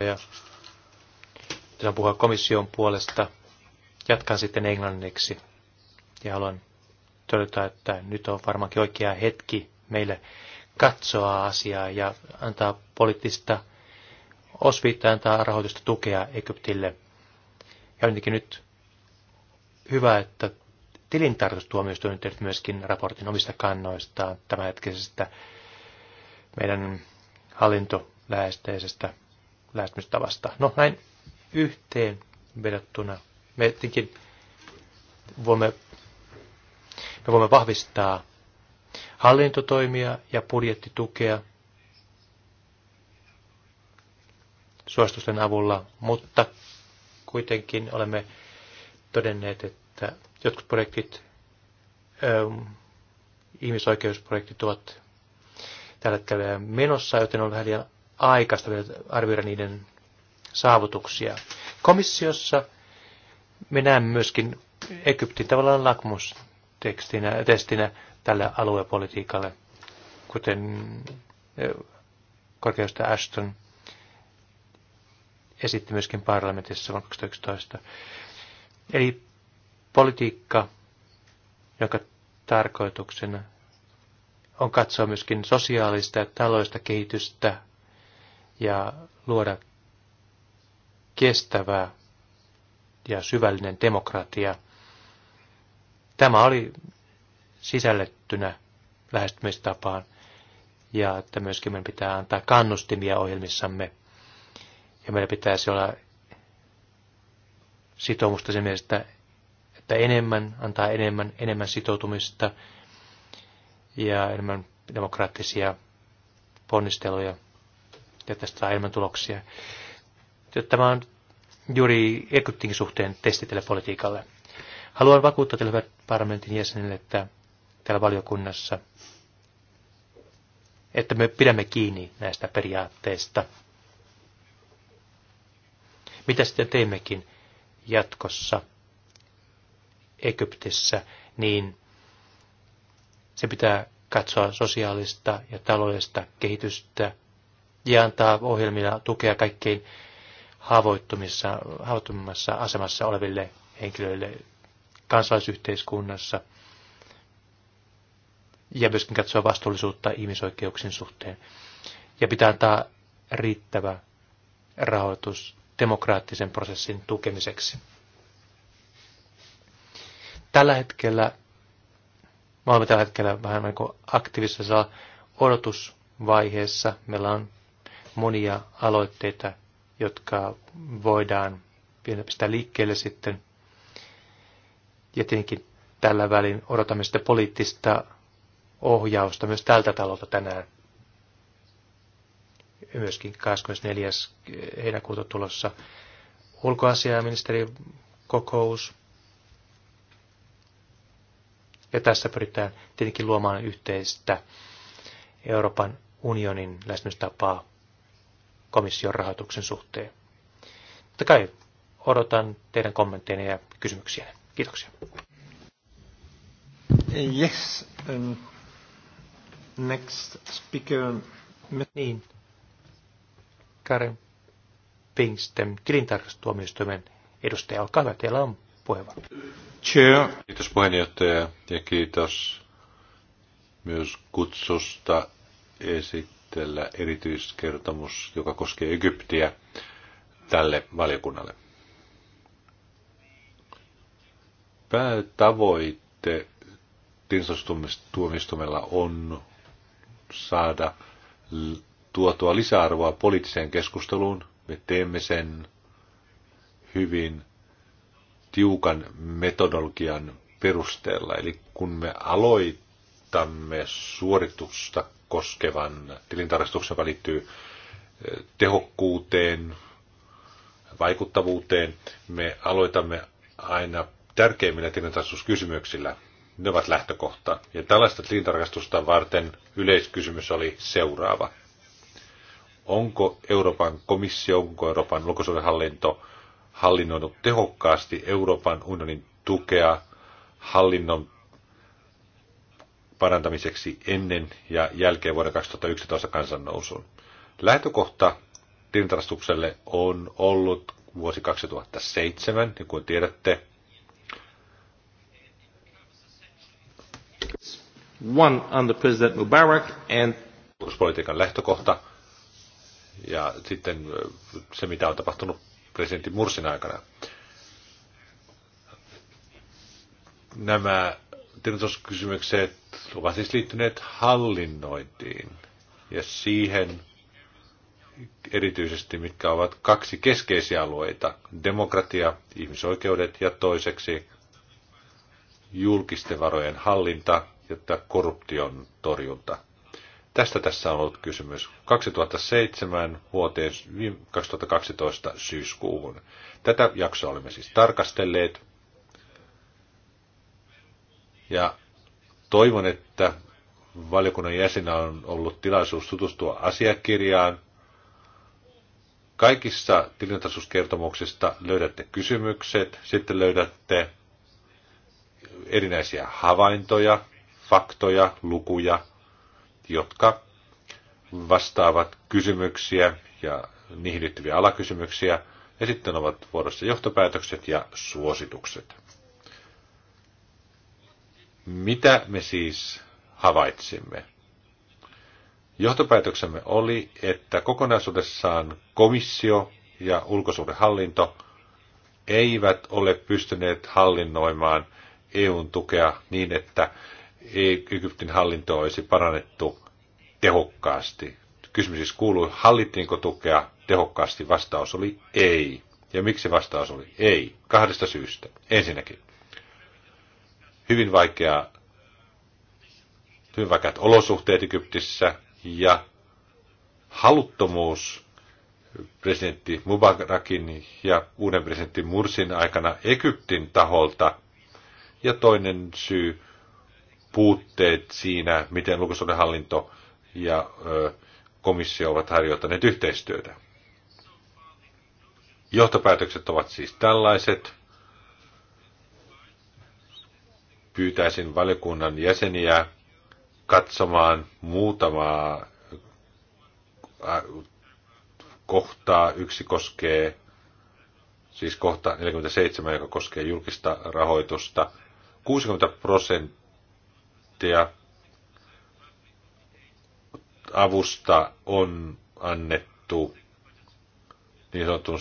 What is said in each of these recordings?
ja saan puhua komission puolesta. Jatkan sitten englanniksi ja haluan todeta, että nyt on varmaankin oikea hetki meille katsoa asiaa ja antaa poliittista osviittaa antaa rahoitusta tukea Egyptille. Ja jotenkin nyt hyvä, että tilintarkastustuomioistuin on tehnyt myöskin raportin omista kannoistaan tämänhetkisestä meidän hallintolähesteisestä lähestymistavasta. No näin yhteen vedottuna me tietenkin voimme, me voimme vahvistaa hallintotoimia ja budjettitukea suositusten avulla, mutta kuitenkin olemme todenneet, että jotkut projektit, ähm, ihmisoikeusprojektit ovat tällä hetkellä menossa, joten on vähän liian aikaista arvioida niiden saavutuksia. Komissiossa me näemme myöskin Egyptin tavallaan lakmustestinä testinä tälle aluepolitiikalle, kuten korkeusta Ashton esitti myöskin parlamentissa vuonna 2011. Eli politiikka, jonka tarkoituksena on katsoa myöskin sosiaalista ja taloudellista kehitystä ja luoda kestävää ja syvällinen demokratia. Tämä oli sisällettynä lähestymistapaan ja että myöskin meidän pitää antaa kannustimia ohjelmissamme ja meillä pitäisi olla sitoumusta sen mielestä, että enemmän, antaa enemmän, enemmän sitoutumista ja enemmän demokraattisia ponnisteluja ja tästä saa enemmän tuloksia. Tämä on juuri Egyptin suhteen testi tälle politiikalle. Haluan vakuuttaa teille hyvät parlamentin jäsenille, että täällä valiokunnassa, että me pidämme kiinni näistä periaatteista. Mitä sitten teemmekin jatkossa Egyptissä, niin se pitää katsoa sosiaalista ja taloudellista kehitystä ja antaa ohjelmia tukea kaikkein haavoittumissa, asemassa oleville henkilöille kansalaisyhteiskunnassa ja myöskin katsoa vastuullisuutta ihmisoikeuksien suhteen. Ja pitää antaa riittävä rahoitus demokraattisen prosessin tukemiseksi. Tällä hetkellä, me olemme tällä hetkellä vähän niin kuin aktiivisessa odotusvaiheessa. Meillä on monia aloitteita, jotka voidaan pistää liikkeelle sitten. Ja tietenkin tällä välin odotamme sitä poliittista ohjausta myös tältä talolta tänään. Myöskin 24. heinäkuuta tulossa ulkoasiaministerin kokous. Ja tässä pyritään tietenkin luomaan yhteistä Euroopan unionin lähestymistapaa komission rahoituksen suhteen. Mutta kai odotan teidän kommentteja ja kysymyksiä. Kiitoksia. Yes. Um, next speaker. Niin. Karen Pinksten, tilintarkastustuomioistuimen edustaja. Olkaa hyvä, teillä on puheenvuoro. Chair. Kiitos puheenjohtaja ja kiitos myös kutsusta esit- tällä erityiskertomus, joka koskee Egyptiä tälle valiokunnalle. Päätavoitte tilintarkastustuomioistuimella on saada tuotua lisäarvoa poliittiseen keskusteluun. Me teemme sen hyvin tiukan metodologian perusteella. Eli kun me aloitamme suoritusta koskevan tilintarkastuksen, joka liittyy tehokkuuteen, vaikuttavuuteen. Me aloitamme aina tärkeimmillä tilintarkastuskysymyksillä. Ne ovat lähtökohta. Ja tällaista tilintarkastusta varten yleiskysymys oli seuraava. Onko Euroopan komissio, onko Euroopan ulkosuudenhallinto hallinnoinut tehokkaasti Euroopan unionin tukea hallinnon parantamiseksi ennen ja jälkeen vuoden 2011 kansannousun. Lähtökohta tilintarkastukselle on ollut vuosi 2007, niin kuin tiedätte. One under President Mubarak and... Politiikan lähtökohta ja sitten se, mitä on tapahtunut presidentti Mursin aikana. Nämä että ovat siis liittyneet hallinnointiin ja siihen erityisesti, mitkä ovat kaksi keskeisiä alueita, demokratia, ihmisoikeudet ja toiseksi julkisten varojen hallinta ja korruption torjunta. Tästä tässä on ollut kysymys 2007 vuoteen 2012 syyskuuhun. Tätä jaksoa olemme siis tarkastelleet ja toivon, että valiokunnan jäsenä on ollut tilaisuus tutustua asiakirjaan. Kaikissa tilintarkastuskertomuksista löydätte kysymykset, sitten löydätte erinäisiä havaintoja, faktoja, lukuja, jotka vastaavat kysymyksiä ja niihin liittyviä alakysymyksiä, ja sitten ovat vuorossa johtopäätökset ja suositukset. Mitä me siis havaitsimme? Johtopäätöksemme oli, että kokonaisuudessaan komissio ja ulkosuhdehallinto eivät ole pystyneet hallinnoimaan EUn tukea niin, että Egyptin hallinto olisi parannettu tehokkaasti. Kysymys siis kuului, hallittiinko tukea tehokkaasti? Vastaus oli ei. Ja miksi vastaus oli ei? Kahdesta syystä. Ensinnäkin, hyvin vaikea, hyvin vaikeat olosuhteet Egyptissä ja haluttomuus presidentti Mubarakin ja uuden presidentti Mursin aikana Egyptin taholta. Ja toinen syy puutteet siinä, miten hallinto ja komissio ovat harjoittaneet yhteistyötä. Johtopäätökset ovat siis tällaiset. pyytäisin valiokunnan jäseniä katsomaan muutamaa äh, kohtaa. Yksi koskee, siis kohta 47, joka koskee julkista rahoitusta. 60 prosenttia avusta on annettu niin sanotun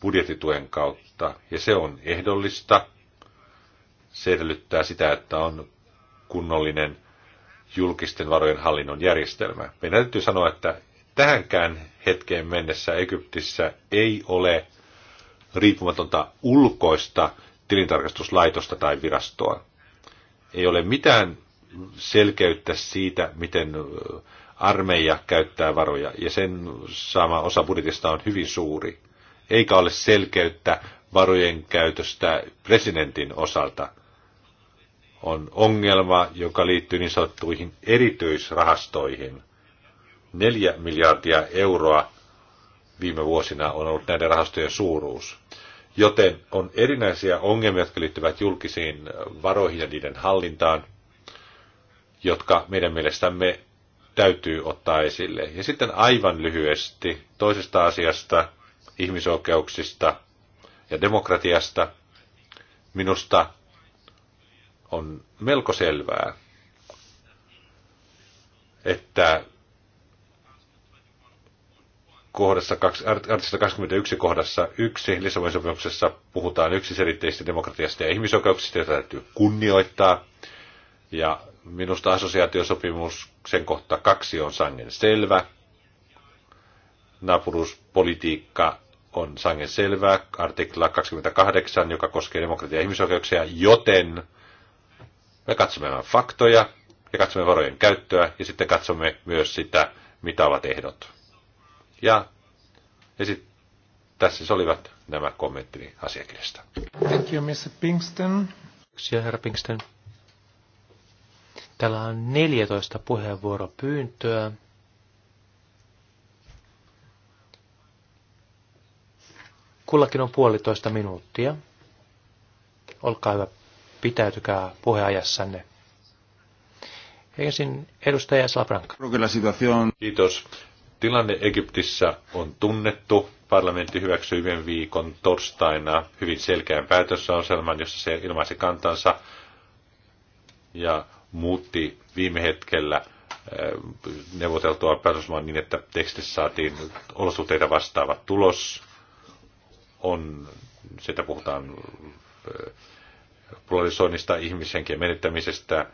budjettituen kautta, ja se on ehdollista – se edellyttää sitä, että on kunnollinen julkisten varojen hallinnon järjestelmä. Meidän täytyy sanoa, että tähänkään hetkeen mennessä Egyptissä ei ole riippumatonta ulkoista tilintarkastuslaitosta tai virastoa. Ei ole mitään selkeyttä siitä, miten armeija käyttää varoja, ja sen sama osa budjetista on hyvin suuri. Eikä ole selkeyttä varojen käytöstä presidentin osalta – on ongelma, joka liittyy niin sanottuihin erityisrahastoihin. Neljä miljardia euroa viime vuosina on ollut näiden rahastojen suuruus. Joten on erinäisiä ongelmia, jotka liittyvät julkisiin varoihin ja niiden hallintaan, jotka meidän mielestämme täytyy ottaa esille. Ja sitten aivan lyhyesti toisesta asiasta, ihmisoikeuksista ja demokratiasta. Minusta on melko selvää, että kohdassa, artista 21 kohdassa 1 Lissabonin sopimuksessa puhutaan yksiselitteisesti demokratiasta ja ihmisoikeuksista, joita täytyy kunnioittaa. Ja minusta assosiaatiosopimus sen kohta kaksi on sangen selvä. Naapuruuspolitiikka on sangen selvä artikla 28, joka koskee demokratiaa ja ihmisoikeuksia, joten me katsomme vain faktoja, ja katsomme varojen käyttöä ja sitten katsomme myös sitä, mitä ovat ehdot. Ja, ja sit, tässä siis olivat nämä kommenttini asiakirjasta. Thank you, Mr. Pinkston. Kiitoksia, herra Pinkston. Täällä on 14 puheenvuoropyyntöä. Kullakin on puolitoista minuuttia. Olkaa hyvä pitäytykää puheajassanne. Ensin edustaja Slapranka. Kiitos. Tilanne Egyptissä on tunnettu. Parlamentti hyväksyi viime viikon torstaina hyvin selkeän päätösastelman, jossa se ilmaisi kantansa ja muutti viime hetkellä eh, neuvoteltua päätösmaan niin, että tekstissä saatiin olosuhteita vastaava tulos. On, sitä puhutaan eh, polarisoinnista, ihmishenkien menettämisestä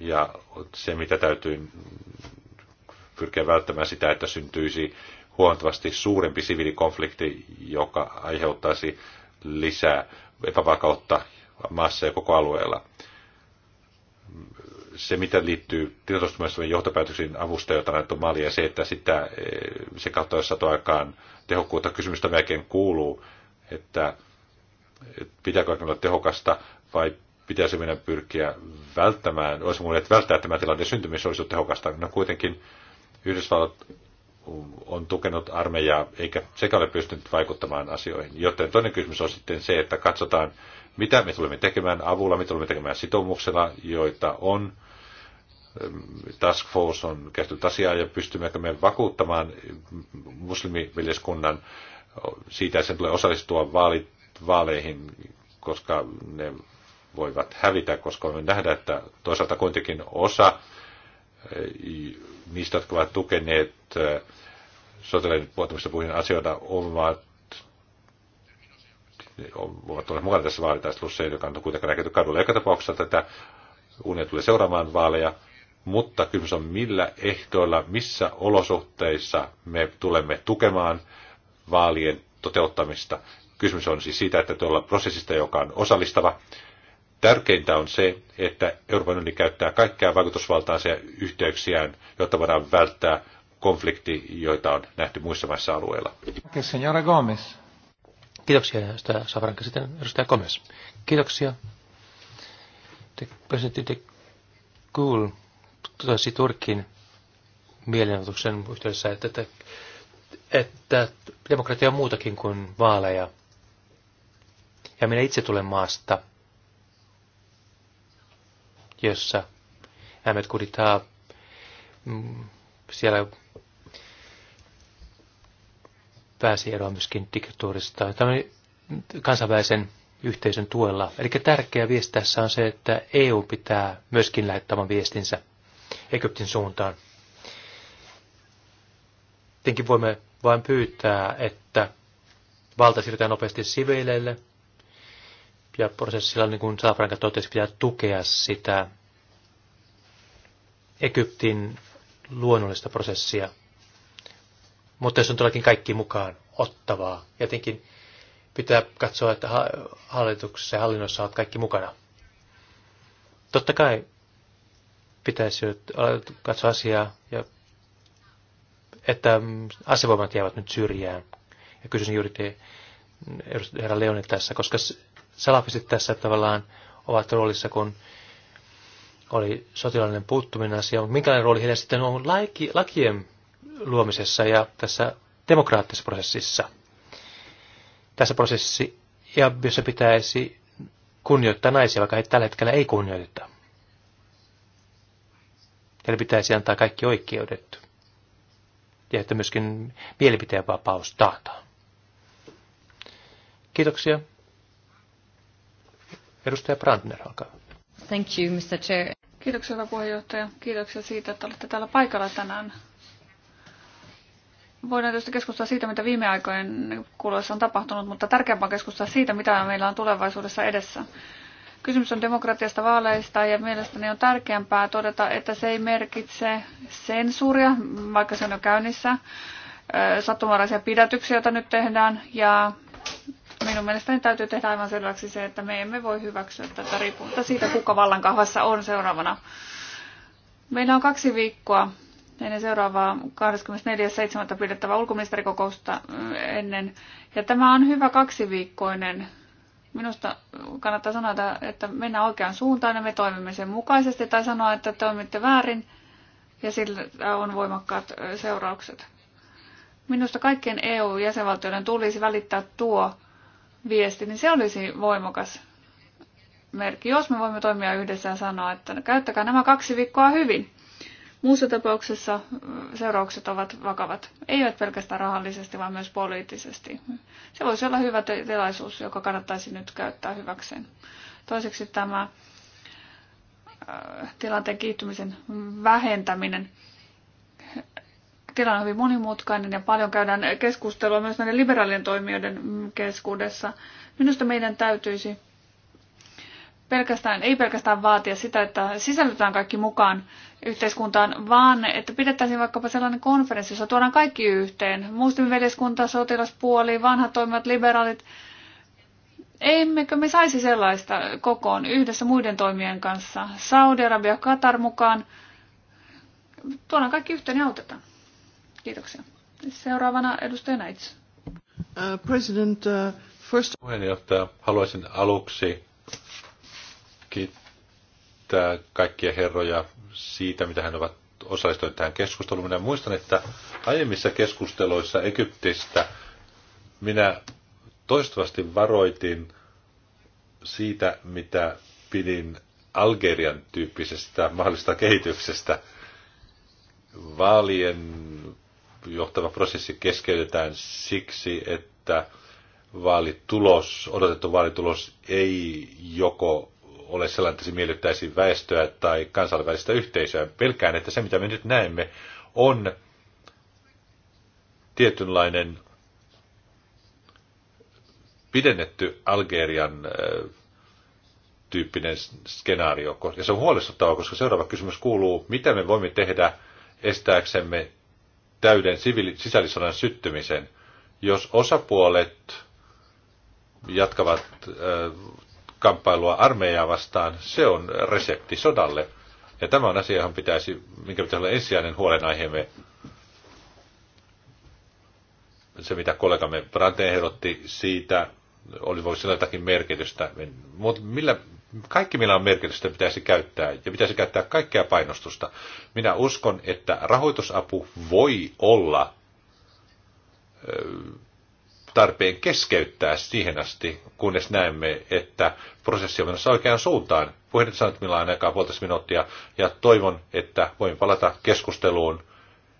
ja se, mitä täytyy pyrkiä välttämään sitä, että syntyisi huomattavasti suurempi siviilikonflikti, joka aiheuttaisi lisää epävakautta maassa ja koko alueella. Se, mitä liittyy tietoistumisen johtopäätöksiin avusta, jota on annettu se, että sitä, eh, se kautta, jos aikaan tehokkuutta kysymystä melkein kuuluu, että pitääkö olla tehokasta vai pitäisi meidän pyrkiä välttämään, olisi mulle, välttää tämä tilanteen syntymis olisi tehokasta. No kuitenkin Yhdysvallat on tukenut armeijaa, eikä sekä ole pystynyt vaikuttamaan asioihin. Joten toinen kysymys on sitten se, että katsotaan, mitä me tulemme tekemään avulla, mitä tulemme tekemään sitoumuksella, joita on. Task Force on käsitellyt asiaa ja pystymmekö me vakuuttamaan muslimiveljeskunnan siitä, että sen tulee osallistua vaalit vaaleihin, koska ne voivat hävitä, koska me nähdä, että toisaalta kuitenkin osa eh, niistä, jotka ovat tukeneet eh, sotilaiden puolustamista puhuin asioita, ovat ovat olleet mukana tässä vaalitaistelussa, joka on kuitenkin näkyy kadulla. Joka tapauksessa tätä unia tulee seuraamaan vaaleja, mutta kysymys on millä ehdoilla, missä olosuhteissa me tulemme tukemaan vaalien toteuttamista. Kysymys on siis siitä, että tuolla prosessista, joka on osallistava, Tärkeintä on se, että Euroopan unioni käyttää kaikkea vaikutusvaltaansa ja yhteyksiään, jotta voidaan välttää konflikti, joita on nähty muissa maissa alueilla. Gomez. Kiitoksia, edustaja Savaranka. Sitten edustaja Gomez. Kiitoksia. Te, presidentti de Kuhl totesi Turkin mielenotuksen yhteydessä, että, että, että demokratia on muutakin kuin vaaleja – ja minä itse tulen maasta, jossa Ahmed Kuditaa, mm, siellä pääsi eroon myöskin diktatuurista. Tämä kansainvälisen yhteisön tuella. Eli tärkeä viesti tässä on se, että EU pitää myöskin lähettämään viestinsä Egyptin suuntaan. Tietenkin voimme vain pyytää, että valta siirretään nopeasti siveileille – ja prosessilla, niin kuin Salafranka totesi, pitää tukea sitä Egyptin luonnollista prosessia. Mutta jos on todellakin kaikki mukaan ottavaa, jotenkin pitää katsoa, että hallituksessa ja hallinnossa olet kaikki mukana. Totta kai pitäisi katsoa asiaa, ja, että asevoimat jäävät nyt syrjään. Ja kysyisin juuri te, herra Leonin tässä, koska salafistit tässä tavallaan ovat roolissa, kun oli sotilainen puuttuminen asia, mutta minkälainen rooli heillä sitten on laiki, lakien luomisessa ja tässä demokraattisessa prosessissa. Tässä prosessi, ja jossa pitäisi kunnioittaa naisia, vaikka heitä tällä hetkellä ei kunnioiteta. Heille pitäisi antaa kaikki oikeudet. Ja että myöskin mielipiteenvapaus taataan. Kiitoksia. Edustaja Brandner, alkaa. Thank you, Mr. Chair. Kiitoksia, hyvä puheenjohtaja. Kiitoksia siitä, että olette täällä paikalla tänään. Voidaan tietysti keskustella siitä, mitä viime aikojen kuluessa on tapahtunut, mutta tärkeämpää keskustella siitä, mitä meillä on tulevaisuudessa edessä. Kysymys on demokratiasta vaaleista ja mielestäni on tärkeämpää todeta, että se ei merkitse sensuuria, vaikka se on jo käynnissä, sattumaraisia pidätyksiä, joita nyt tehdään, ja minun mielestäni täytyy tehdä aivan selväksi se, että me emme voi hyväksyä tätä riippumatta siitä, kuka vallankahvassa on seuraavana. Meillä on kaksi viikkoa ennen seuraavaa 24.7. pidettävää ulkoministerikokousta äh, ennen. Ja tämä on hyvä kaksiviikkoinen. Minusta kannattaa sanoa, että mennään oikeaan suuntaan ja me toimimme sen mukaisesti, tai sanoa, että toimitte väärin ja sillä on voimakkaat äh, seuraukset. Minusta kaikkien EU-jäsenvaltioiden tulisi välittää tuo viesti, niin se olisi voimakas merkki, jos me voimme toimia yhdessä ja sanoa, että käyttäkää nämä kaksi viikkoa hyvin. Muussa tapauksessa seuraukset ovat vakavat, eivät pelkästään rahallisesti, vaan myös poliittisesti. Se voisi olla hyvä tilaisuus, joka kannattaisi nyt käyttää hyväkseen. Toiseksi tämä tilanteen kiihtymisen vähentäminen tilanne on hyvin monimutkainen ja paljon käydään keskustelua myös näiden liberaalien toimijoiden keskuudessa. Minusta meidän täytyisi pelkästään, ei pelkästään vaatia sitä, että sisällytään kaikki mukaan yhteiskuntaan, vaan että pidettäisiin vaikkapa sellainen konferenssi, jossa tuodaan kaikki yhteen. Muslimiveljeskunta, sotilaspuoli, vanhat toimivat liberaalit. Emmekö me saisi sellaista kokoon yhdessä muiden toimien kanssa? Saudi-Arabia, Katar mukaan. Tuodaan kaikki yhteen ja autetaan. Kiitoksia. Seuraavana edustaja Uh, president, uh, first... Puheenjohtaja, haluaisin aluksi kiittää kaikkia herroja siitä, mitä hän ovat osallistuneet tähän keskusteluun. Minä muistan, että aiemmissa keskusteluissa Egyptistä minä toistuvasti varoitin siitä, mitä pidin Algerian tyyppisestä mahdollisesta kehityksestä. Vaalien johtava prosessi keskeytetään siksi, että vaalitulos, odotettu vaalitulos ei joko ole sellainen, että se miellyttäisi väestöä tai kansainvälistä yhteisöä. Pelkään, että se mitä me nyt näemme on tietynlainen pidennetty Algerian äh, tyyppinen skenaario. Ja se on huolestuttava, koska seuraava kysymys kuuluu, mitä me voimme tehdä estääksemme täyden sivili- sisällissodan syttymisen. Jos osapuolet jatkavat kamppailua armeijaa vastaan, se on resepti sodalle. Ja tämä on asia, johon pitäisi, minkä pitäisi olla ensisijainen huolenaiheemme. Se, mitä kollegamme Branteen ehdotti siitä, oli voisi sanoa jotakin merkitystä. Mutta millä kaikki, millä on merkitystä, pitäisi käyttää ja pitäisi käyttää kaikkea painostusta. Minä uskon, että rahoitusapu voi olla tarpeen keskeyttää siihen asti, kunnes näemme, että prosessi on menossa oikeaan suuntaan. Puheenjohtaja sanoi, että meillä on aikaa puolitoista minuuttia, ja toivon, että voin palata keskusteluun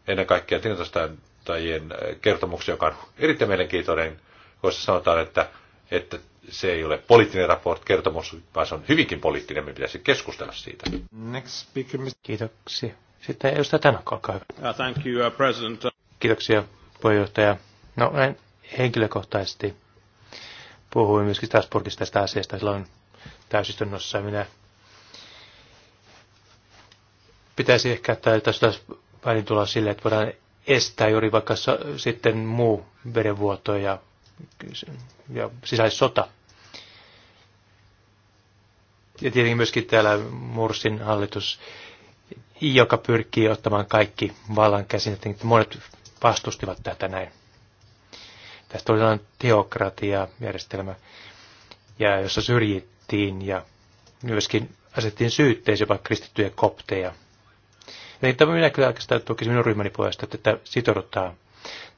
ennen kaikkea tilintastajien kertomuksia, joka on erittäin mielenkiintoinen, koska sanotaan, että, että se ei ole poliittinen raport, kertomus, vaan se on hyvinkin poliittinen, me pitäisi keskustella siitä. Next speaker, Mr. Kiitoksia. Sitten edustaja Tanakka, olkaa hyvä. Uh, thank you, uh, President. Kiitoksia, puheenjohtaja. No en henkilökohtaisesti puhuin myöskin Strasbourgista tästä asiasta silloin täysistunnossa. Minä pitäisi ehkä että tässä välin tulla sille, että voidaan estää juuri vaikka sitten muu verenvuoto ja ja sisäissota. Ja tietenkin myöskin täällä Mursin hallitus, joka pyrkii ottamaan kaikki vallan käsin, että niin monet vastustivat tätä näin. Tästä oli sellainen teokratiajärjestelmä, ja jossa syrjittiin ja myöskin asettiin syytteisiä jopa kristittyjä kopteja. Ja tämä minä kyllä oikeastaan tukisin minun ryhmäni puolesta, että sitoudutaan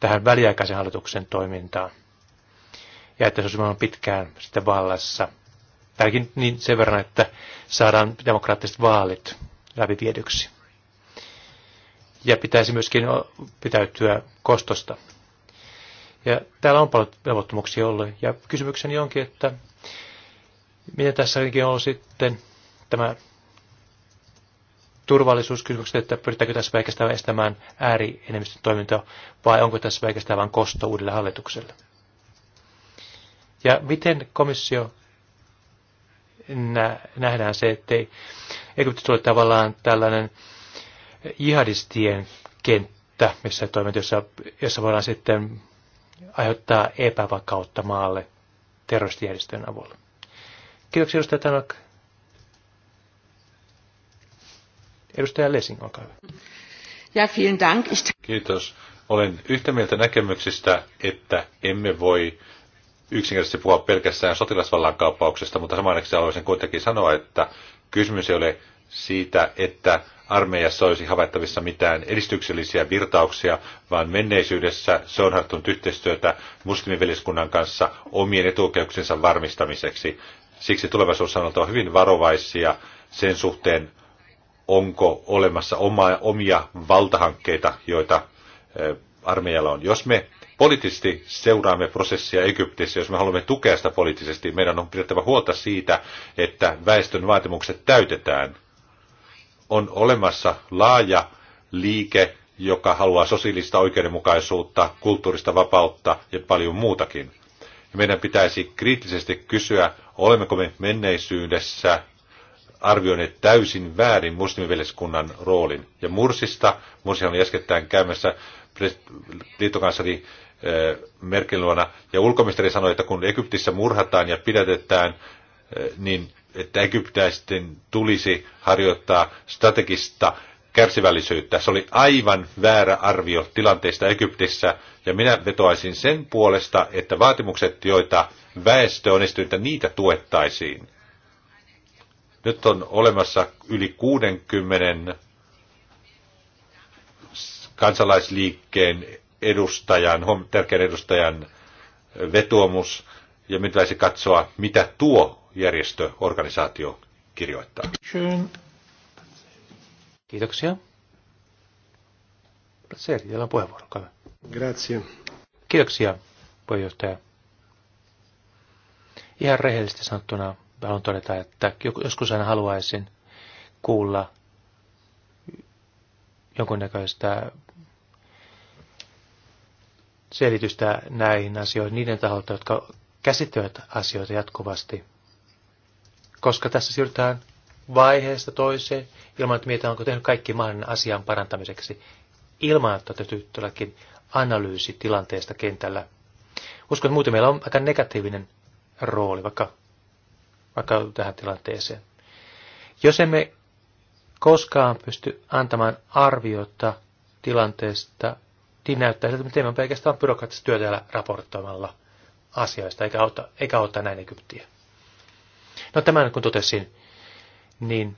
tähän väliaikaisen hallituksen toimintaan ja että se olisi pitkään sitten vallassa. Tämäkin niin sen verran, että saadaan demokraattiset vaalit läpi viedyksi. Ja pitäisi myöskin pitäytyä kostosta. Ja täällä on paljon velvoittumuksia ollut. Ja kysymykseni onkin, että miten tässä on sitten tämä turvallisuuskysymykset, että pyritäänkö tässä väikästään estämään äärienemmistön toimintaa vai onko tässä väikästään vain kosto uudelle hallitukselle? Ja miten komissio nä, nähdään se, ettei Egypti tulee tavallaan tällainen jihadistien kenttä, missä toimet, jossa, jossa voidaan sitten aiheuttaa epävakautta maalle terroristijärjestöjen avulla. Kiitoksia edustaja Tanok. Edustaja Lesing, olkaa hyvä. Ja, vielen dank. Kiitos. Olen yhtä mieltä näkemyksistä, että emme voi yksinkertaisesti puhua pelkästään sotilasvallan kaappauksesta, mutta samaan aikaan haluaisin kuitenkin sanoa, että kysymys ei ole siitä, että armeijassa olisi havaittavissa mitään edistyksellisiä virtauksia, vaan menneisyydessä se on harjoittanut yhteistyötä muslimiveliskunnan kanssa omien etuoikeuksensa varmistamiseksi. Siksi tulevaisuudessa on oltava hyvin varovaisia sen suhteen, onko olemassa omaa omia valtahankkeita, joita eh, armeijalla on. Jos me poliittisesti seuraamme prosessia Egyptissä, jos me haluamme tukea sitä poliittisesti, meidän on pidettävä huolta siitä, että väestön vaatimukset täytetään. On olemassa laaja liike, joka haluaa sosiaalista oikeudenmukaisuutta, kulttuurista vapautta ja paljon muutakin. Ja meidän pitäisi kriittisesti kysyä, olemmeko me menneisyydessä arvioineet täysin väärin muslimiveljeskunnan roolin. Ja Mursista, Mursihan on äskettäin käymässä liittokansleri Merkelin luona. Ja ulkoministeri sanoi, että kun Egyptissä murhataan ja pidätetään, niin että egyptäisten tulisi harjoittaa strategista kärsivällisyyttä. Se oli aivan väärä arvio tilanteesta Egyptissä, ja minä vetoaisin sen puolesta, että vaatimukset, joita väestö on esitynyt, niitä tuettaisiin. Nyt on olemassa yli 60 kansalaisliikkeen edustajan, tärkeän edustajan vetoomus, ja nyt pitäisi katsoa, mitä tuo järjestö, organisaatio kirjoittaa. Kiitoksia. Platzer, teillä on puheenvuoro. Grazie. Kiitoksia, puheenjohtaja. Ihan rehellisesti sanottuna haluan todeta, että joskus aina haluaisin kuulla jonkunnäköistä selitystä näihin asioihin niiden taholta, jotka käsittävät asioita jatkuvasti. Koska tässä siirrytään vaiheesta toiseen ilman, että mietitään, onko tehnyt kaikki mahdollinen asian parantamiseksi, ilman, että täytyy todellakin analyysi tilanteesta kentällä. Uskon, että muuten meillä on aika negatiivinen rooli vaikka, vaikka tähän tilanteeseen. Jos emme koskaan pysty antamaan arviota tilanteesta niin näyttää siltä, että me teemme pelkästään byrokraattista työtä raportoimalla asioista, eikä auta, eikä auta näin Egyptiä. No tämän kun totesin, niin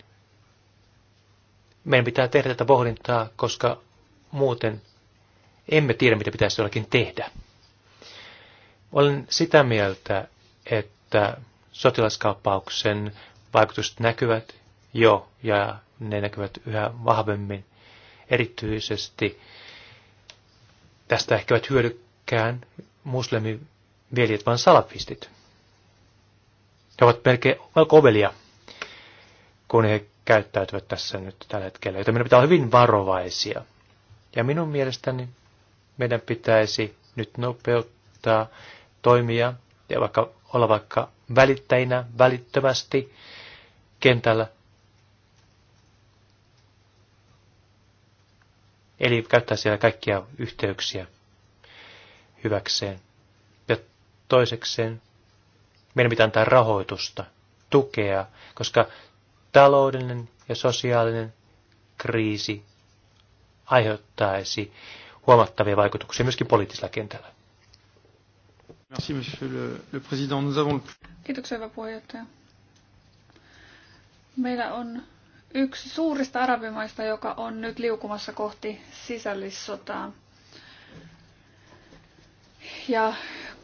meidän pitää tehdä tätä pohdintaa, koska muuten emme tiedä, mitä pitäisi jollakin tehdä. Olen sitä mieltä, että sotilaskaappauksen vaikutukset näkyvät jo, ja ne näkyvät yhä vahvemmin, erityisesti Tästä ehkä eivät hyödykään muslimiveljet, vaan salafistit. He ovat melkein melko ovelia, kun he käyttäytyvät tässä nyt tällä hetkellä, joten meidän pitää olla hyvin varovaisia. Ja minun mielestäni meidän pitäisi nyt nopeuttaa toimia ja vaikka olla vaikka välittäjinä välittömästi kentällä, Eli käyttää siellä kaikkia yhteyksiä hyväkseen. Ja toisekseen meidän pitää antaa rahoitusta, tukea, koska taloudellinen ja sosiaalinen kriisi aiheuttaisi huomattavia vaikutuksia myöskin poliittisella kentällä. Merci, monsieur le, le président. Nous avons... Kiitoksia, hyvä puheenjohtaja. Meillä on yksi suurista arabimaista, joka on nyt liukumassa kohti sisällissotaa. Ja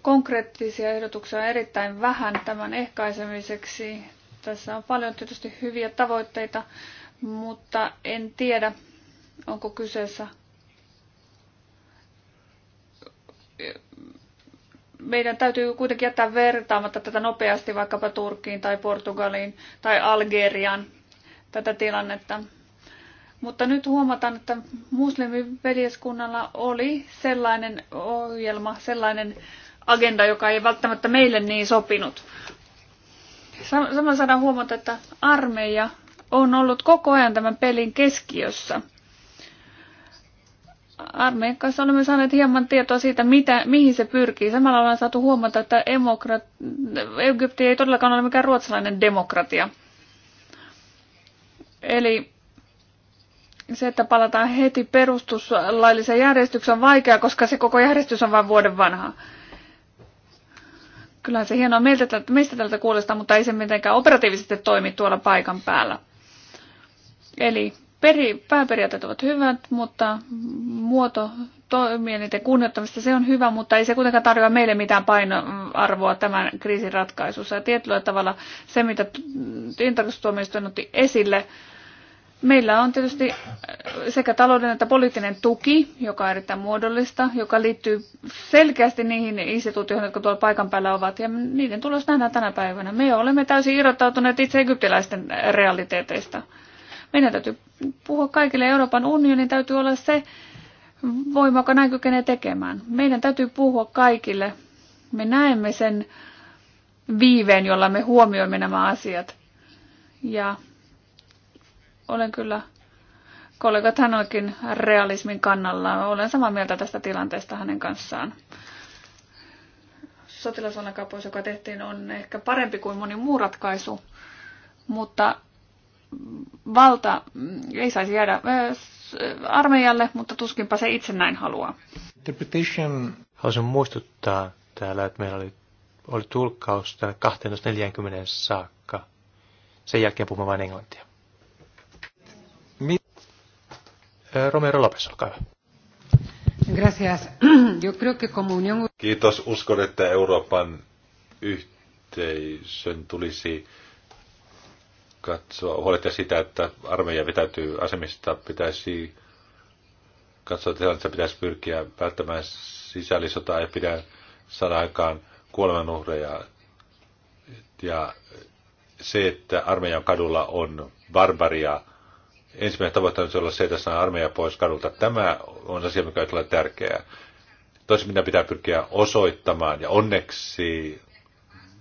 konkreettisia ehdotuksia on erittäin vähän tämän ehkäisemiseksi. Tässä on paljon tietysti hyviä tavoitteita, mutta en tiedä, onko kyseessä meidän täytyy kuitenkin jättää vertaamatta tätä nopeasti vaikkapa Turkkiin tai Portugaliin tai Algerian tätä tilannetta. Mutta nyt huomataan, että muslimiveljeskunnalla oli sellainen ohjelma, sellainen agenda, joka ei välttämättä meille niin sopinut. Samalla saadaan huomata, että armeija on ollut koko ajan tämän pelin keskiössä. Armeijan kanssa olemme saaneet hieman tietoa siitä, mitä, mihin se pyrkii. Samalla ollaan saatu huomata, että Egypti ei todellakaan ole mikään ruotsalainen demokratia – Eli se, että palataan heti perustuslailliseen järjestykseen on vaikeaa, koska se koko järjestys on vain vuoden vanha. Kyllähän se hienoa meiltä, mistä tältä kuulostaa, mutta ei se mitenkään operatiivisesti toimi tuolla paikan päällä. Eli peri, pääperiaatteet ovat hyvät, mutta muoto niiden kunnioittamista se on hyvä, mutta ei se kuitenkaan tarjoa meille mitään painoarvoa tämän kriisin ratkaisussa. Ja tietyllä tavalla se, mitä tilintarkastustuomioistuin otti esille, Meillä on tietysti äh, sekä taloudellinen että poliittinen tuki, joka on erittäin muodollista, joka liittyy selkeästi niihin instituutioihin, jotka tuolla paikan päällä ovat, ja niiden tulos nähdään tänä päivänä. Me olemme täysin irrottautuneet itse egyptiläisten realiteeteista. Meidän täytyy puhua kaikille Euroopan unionin, täytyy olla se voima, joka näin kykenee tekemään. Meidän täytyy puhua kaikille. Me näemme sen viiveen, jolla me huomioimme nämä asiat. Ja olen kyllä kollegat hän realismin kannalla. Olen samaa mieltä tästä tilanteesta hänen kanssaan. Sotilasvallankaupoissa, joka tehtiin, on ehkä parempi kuin moni muu ratkaisu, mutta valta ei saisi jäädä armeijalle, mutta tuskinpa se itse näin haluaa. Interpretation. Haluaisin muistuttaa täällä, että meillä oli, oli tulkkaus tänne 12.40 saakka. Sen jälkeen puhumme vain englantia. Romero Lopes, olkaa hyvä. Gracias. Yo creo que como unión... Kiitos. Uskon, että Euroopan yhteisön tulisi katsoa, huolehtia sitä, että armeija vetäytyy asemista, pitäisi katsoa tilannetta, pitäisi pyrkiä välttämään sisällissotaa ja pidä saada aikaan kuolemanuhreja. Ja se, että armeijan kadulla on barbaria, ensimmäinen tavoite on olla se, että saa armeija pois kadulta. Tämä on asia, mikä on tärkeää. Toisin mitä pitää pyrkiä osoittamaan, ja onneksi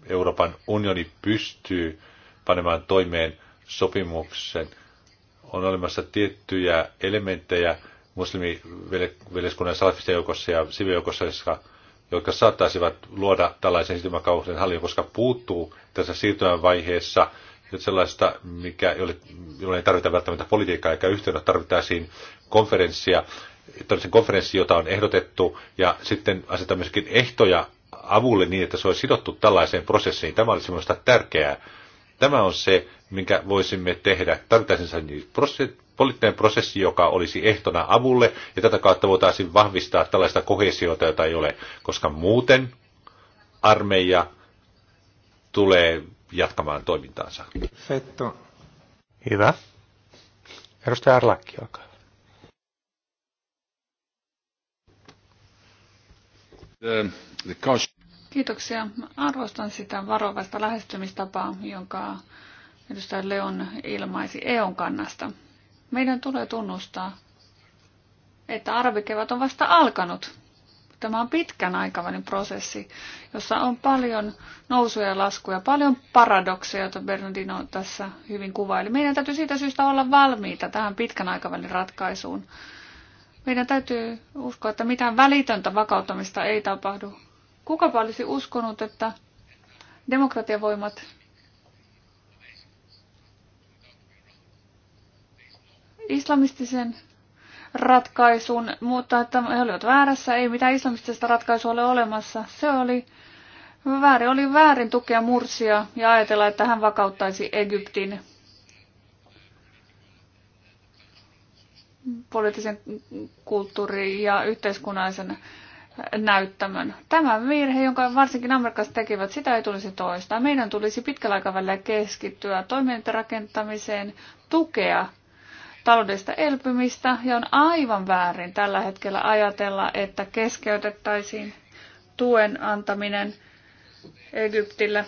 Euroopan unioni pystyy panemaan toimeen sopimuksen. On olemassa tiettyjä elementtejä muslimiveljeskunnan salafisten joukossa ja sivijoukossa, jotka, jotka saattaisivat luoda tällaisen siirtymäkauden hallin, koska puuttuu tässä siirtymän vaiheessa – sellaista, mikä, jolle, jolle ei tarvita välttämättä politiikkaa eikä yhteyttä, tarvittaisiin konferenssia, tällaisen konferenssi, jota on ehdotettu, ja sitten asetetaan myöskin ehtoja avulle niin, että se olisi sidottu tällaiseen prosessiin. Tämä olisi minusta tärkeää. Tämä on se, minkä voisimme tehdä. Tarvittaisiin poliittinen prosessi, joka olisi ehtona avulle, ja tätä kautta voitaisiin vahvistaa tällaista kohesiota, jota ei ole, koska muuten armeija tulee jatkamaan toimintaansa. Fetto. Hyvä. Edustaja Arlakki, olkaa Kiitoksia. Arvostan sitä varovaista lähestymistapaa, jonka edustaja Leon ilmaisi EUn kannasta. Meidän tulee tunnustaa, että arvikevät on vasta alkanut. Tämä on pitkän aikavälin prosessi, jossa on paljon nousuja ja laskuja, paljon paradokseja, joita Bernardino tässä hyvin kuvaili. Meidän täytyy siitä syystä olla valmiita tähän pitkän aikavälin ratkaisuun. Meidän täytyy uskoa, että mitään välitöntä vakauttamista ei tapahdu. Kukapa olisi uskonut, että demokratiavoimat islamistisen ratkaisun, mutta että he olivat väärässä, ei mitään islamistista ratkaisua ole olemassa. Se oli väärin, oli väärin tukea Mursia ja ajatella, että hän vakauttaisi Egyptin poliittisen kulttuurin ja yhteiskunnallisen näyttämön. Tämä virhe, jonka varsinkin Amerikassa tekivät, sitä ei tulisi toistaa. Meidän tulisi pitkällä aikavälillä keskittyä toimintarakentamiseen, tukea taloudellista elpymistä ja on aivan väärin tällä hetkellä ajatella, että keskeytettäisiin tuen antaminen Egyptille,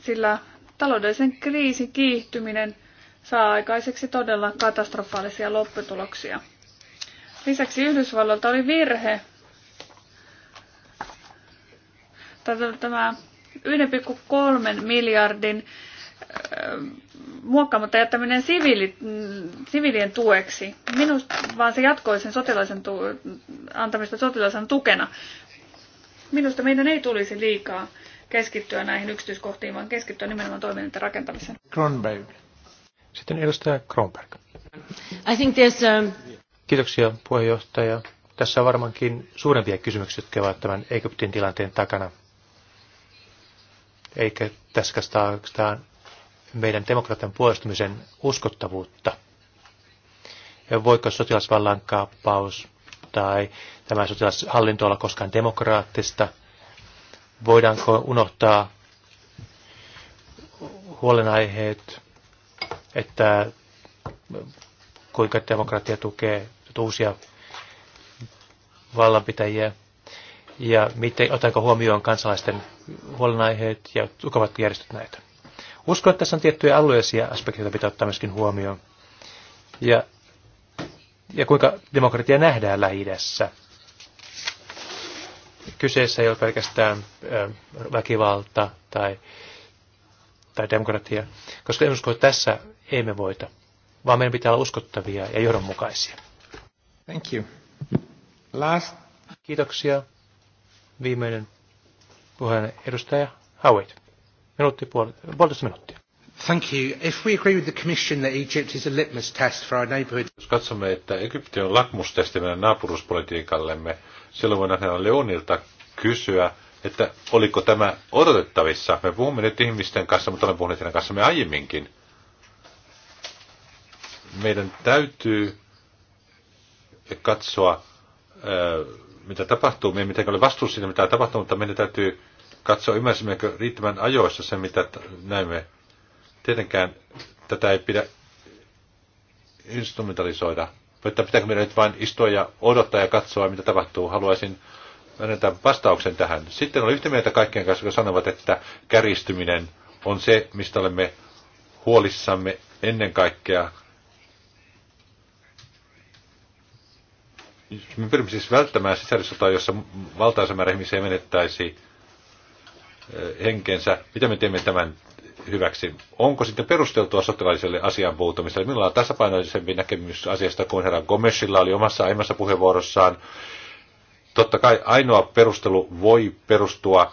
sillä taloudellisen kriisin kiihtyminen saa aikaiseksi todella katastrofaalisia lopputuloksia. Lisäksi Yhdysvalloilta oli virhe. Tämä 1,3 miljardin muokkaamatta jättäminen siviili, siviilien tueksi, minusta, vaan se jatkoi sen sotilaisen tu, antamista sotilaisen tukena. Minusta meidän ei tulisi liikaa keskittyä näihin yksityiskohtiin, vaan keskittyä nimenomaan toiminnan rakentamiseen. Kronberg. Sitten edustaja Kronberg. I think there's a... Um, Kiitoksia puheenjohtaja. Tässä on varmaankin suurempia kysymyksiä, jotka ovat tämän Egyptin tilanteen takana. Eikä tässä meidän demokratian puolustamisen uskottavuutta. Ja voiko sotilasvallankaappaus tai tämä sotilashallinto olla koskaan demokraattista? Voidaanko unohtaa huolenaiheet, että kuinka demokratia tukee uusia vallanpitäjiä ja miten, otetaanko huomioon kansalaisten huolenaiheet ja tukevatko järjestöt näitä? Uskon, että tässä on tiettyjä alueellisia aspekteja, pitää ottaa myöskin huomioon. Ja, ja kuinka demokratia nähdään lähi -idässä. Kyseessä ei ole pelkästään väkivalta tai, tai demokratia, koska en usko, että tässä ei me voita, vaan meidän pitää olla uskottavia ja johdonmukaisia. Thank you. Last. Kiitoksia. Viimeinen puheen edustaja Howard. Minuutti puoli, puolitoista minuuttia. Thank you. If we agree with the Commission that Egypt is a litmus test for our neighborhood... Jos katsomme, että Egypti on lakmustesti meidän naapuruuspolitiikallemme, silloin voidaan herra Leonilta kysyä, että oliko tämä odotettavissa. Me puhumme nyt ihmisten kanssa, mutta olen puhunut heidän kanssamme aiemminkin. Meidän täytyy katsoa, mitä tapahtuu. Me emme mitenkään ole vastuussa siitä, mitä tapahtuu, mutta meidän täytyy katsoa, ymmärsimmekö riittävän ajoissa se, mitä näimme. Tietenkään tätä ei pidä instrumentalisoida. Mutta pitääkö meidän nyt vain istua ja odottaa ja katsoa, mitä tapahtuu? Haluaisin antaa vastauksen tähän. Sitten on yhtä mieltä kaikkien kanssa, jotka sanovat, että käristyminen on se, mistä olemme huolissamme ennen kaikkea. Me pyrimme siis välttämään sisällissotaa, jossa valtaisa määrä ihmisiä menettäisi Eh, henkensä. Mitä me teemme tämän hyväksi? Onko sitten perusteltua sotilaiselle asian puuttumiselle? Minulla on tasapainoisempi näkemys asiasta kuin herra Gomesilla oli omassa aiemmassa puheenvuorossaan. Totta kai ainoa perustelu voi perustua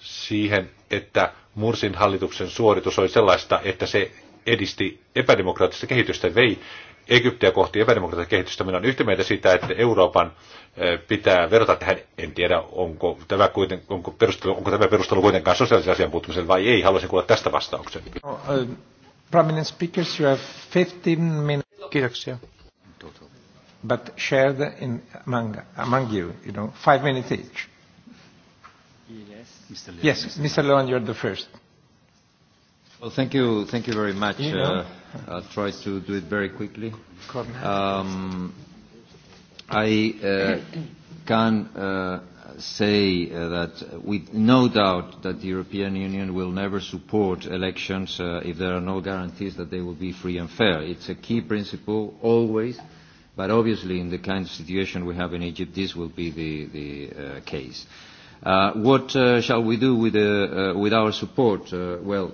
siihen, että Mursin hallituksen suoritus oli sellaista, että se edisti epädemokraattista kehitystä, vei Egyptiä kohti epädemokraattista kehitystä. Minä olen yhtä mieltä siitä, että Euroopan eh, pitää verrata tähän, en tiedä onko tämä, kuiten, onko perustelu, onko tämä perustelu kuitenkaan sosiaalisen asian puuttumisen vai ei, haluaisin kuulla tästä vastauksen. No, uh, speakers, you have 15 minutes. Kiitoksia. But shared in among, among you, you know, five minutes each. Yes, Mr. Leon, yes, Mr. Leon you're the first. Well, thank you, thank you very much. You know, uh, I'll try to do it very quickly. Um, I uh, can uh, say uh, that with no doubt that the European Union will never support elections uh, if there are no guarantees that they will be free and fair. It's a key principle always, but obviously in the kind of situation we have in Egypt, this will be the, the uh, case. Uh, what uh, shall we do with, uh, uh, with our support? Uh, well,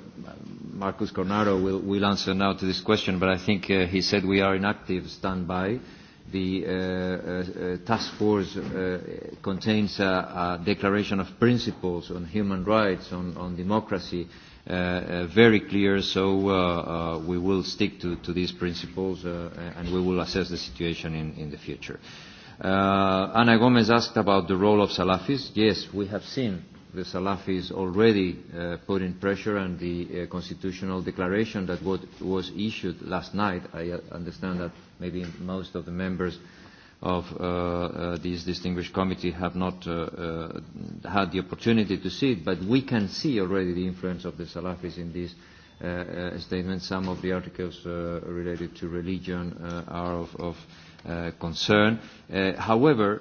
Marcus Cornaro will, will answer now to this question, but I think uh, he said we are in active standby. The uh, uh, uh, task force uh, contains a, a declaration of principles on human rights, on, on democracy, uh, uh, very clear, so uh, uh, we will stick to, to these principles uh, and we will assess the situation in, in the future. Uh, Ana Gomez asked about the role of Salafis. Yes, we have seen the Salafis already uh, put in pressure and the uh, constitutional declaration that what was issued last night, I uh, understand that maybe most of the members of uh, uh, this distinguished committee have not uh, uh, had the opportunity to see it, but we can see already the influence of the Salafis in this uh, uh, statement. Some of the articles uh, related to religion uh, are of, of uh, concern. Uh, however,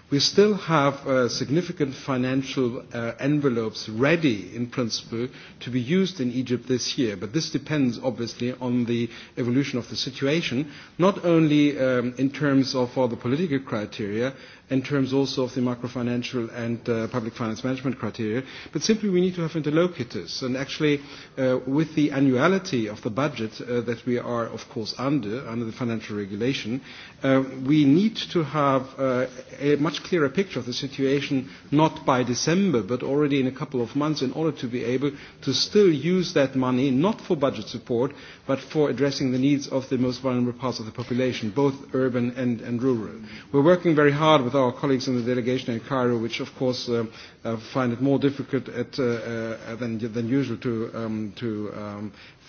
we still have uh, significant financial uh, envelopes ready in principle to be used in Egypt this year. But this depends obviously on the evolution of the situation, not only um, in terms of all the political criteria, in terms also of the macrofinancial and uh, public finance management criteria, but simply we need to have interlocutors. And actually, uh, with the annuality of the budget uh, that we are, of course, under, under the financial regulation, uh, we need to have uh, a much clearer picture of the situation, not by December, but already in a couple of months, in order to be able to still use that money, not for budget support, but for addressing the needs of the most vulnerable parts of the population, both urban and, and rural. We're working very hard with our colleagues in the delegation in Cairo, which of course uh, uh, find it more difficult at, uh, uh, than, than usual to, um, to um,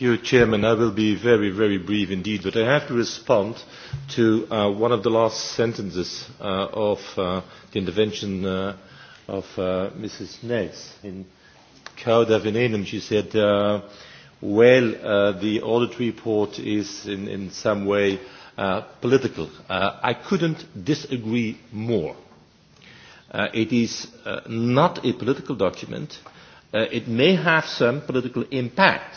You, Chairman, I will be very, very brief indeed, but I have to respond to uh, one of the last sentences uh, of uh, the intervention of Mrs. neyts. In Cauda Venenum, she said, well, the audit report is in, some way political. i could not disagree more. it is not a political document. it may have some political impact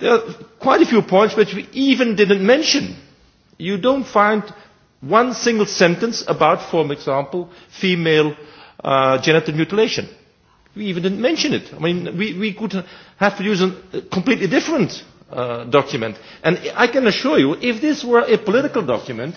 There are quite a few points which we even didn't mention. You don't find one single sentence about, for example, female uh, genital mutilation. We even didn't mention it. I mean, we, we could have used a completely different uh, document. And I can assure you, if this were a political document,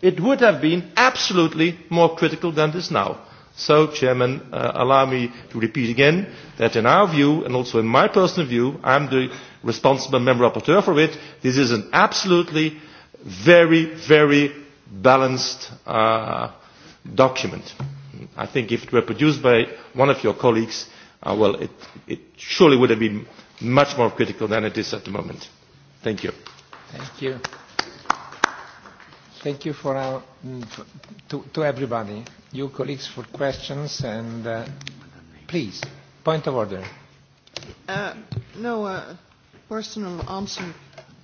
it would have been absolutely more critical than this now. So, Chairman, uh, allow me to repeat again that in our view, and also in my personal view, I'm the responsible member rapporteur for it, this is an absolutely very, very balanced uh, document. I think if it were produced by one of your colleagues, uh, well, it, it surely would have been much more critical than it is at the moment. Thank you. Thank you. Thank you for uh, mm, our, to, to everybody, you colleagues for questions and uh, please, point of order. Uh, no, uh, personal answer.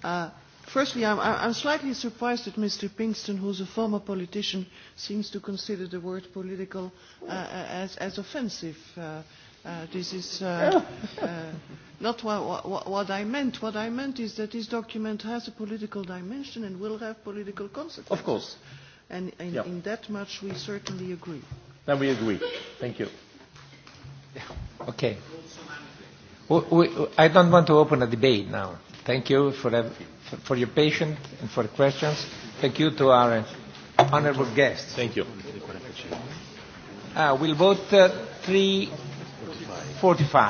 Uh, firstly, I'm, I'm slightly surprised that Mr. Pinkston, who's a former politician, seems to consider the word political uh, as, as offensive. Uh, Uh, this is uh, uh, not what, what, what I meant. What I meant is that this document has a political dimension and will have political consequences. Of course. And in, yeah. in that much we certainly agree. Then we agree. Thank you. Okay. We, we, I don't want to open a debate now. Thank you for, for, your patience and for questions. Thank you to our honorable guests. Thank you. Uh, we'll vote uh, three. 45.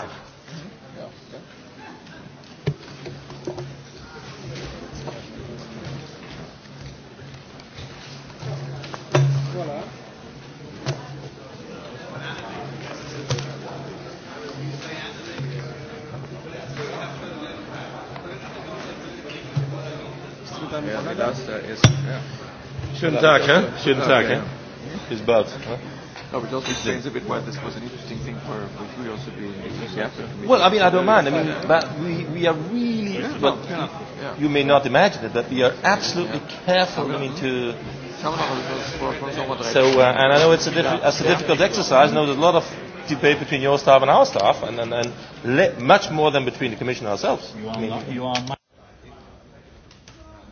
Schönen Tag, hä? Schönen Tag, hä? Bis bald. No, but also explains a bit why this was an interesting thing for, for you also being yeah. Well, I mean, I don't mind. I mean, but we, we are really, yeah, but yeah, yeah. you may not imagine it, but we are absolutely yeah. careful. I mean, to. So, uh, and I know it's a, diffi- yeah. it's a difficult yeah. exercise. I know there's a lot of debate between your staff and our staff, and, and, and le- much more than between the Commission ourselves. You are, I mean, you are